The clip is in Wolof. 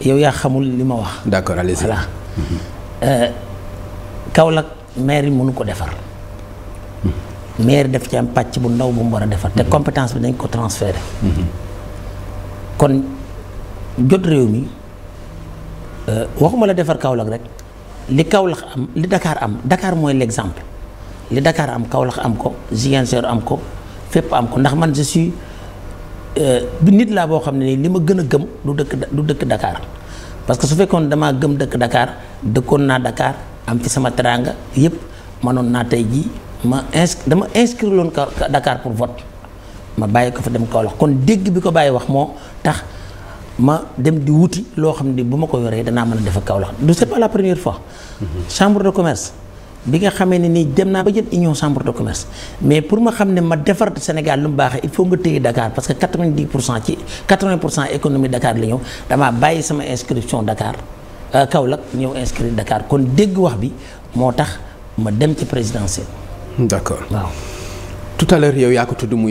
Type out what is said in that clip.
yow yaa xamul li ma wax. d'accord allez-y voilà euh, Kaolack maire yi mënu ko defar. Mm-hmm. maire def ci am pàcc bu ndaw bu mu war a defar. te mm-hmm. compétence bi dañ ko transféré. Mm-hmm. kon jot réew mi euh, waxuma la defar Kaolack rek li Kaolack am li dakaar am dakaar mooy l'exemple li dakaar am Kaolack am ko Ziguinchor am ko fépp am ko ndax man je bi euh, nit laa boo xam ne nii li ma gën a gëm du dëkk du dëkk Dakar parce que su fekkoon damaa gëm dëkk dakaar dëkkoon naa dakaar am ci sama teraanga yëpp manoon naa tey jii ma ins dama inscrire loon dakaar pour vote ma bàyyi ko fa dem Kaolack kon dégg bi ko bàyyi wax moo tax ma dem di wuti loo xam ne bu ma ko yoree danaa mën a def ak Kaolack du c'est pas la première fois mm-hmm. chambre de commerce bi nga xamee ni nii dem naa ba jël union chambre de commerce mais pour ma xam ne ma defar Sénégal lu mu baaxee il faut nga téye Dakar parce que quatre vingt dix pour cent ci quatre vingt pour cent économie Dakar la ñëw damaa bàyyi sama inscription Dakar euh, Kaolack ñëw inscrit Dakar kon dégg wax bi moo tax ma dem ci présidentielle. d'accord waaw. tout à l'heure yow yaa ko tudd muy.